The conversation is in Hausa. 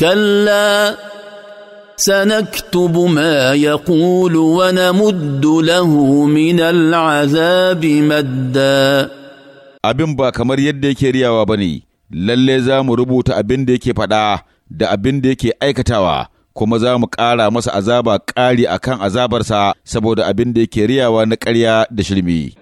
كلا سنكتب ما يقول ونمد له من العذاب مدا abin ba kamar yadda yake riyawa ba ne, lalle za mu rubuta abin da yake faɗa da abin da yake aikatawa, kuma za mu ƙara masa azaba ƙari a kan azabarsa saboda abin da yake riyawa na ƙarya da shirme.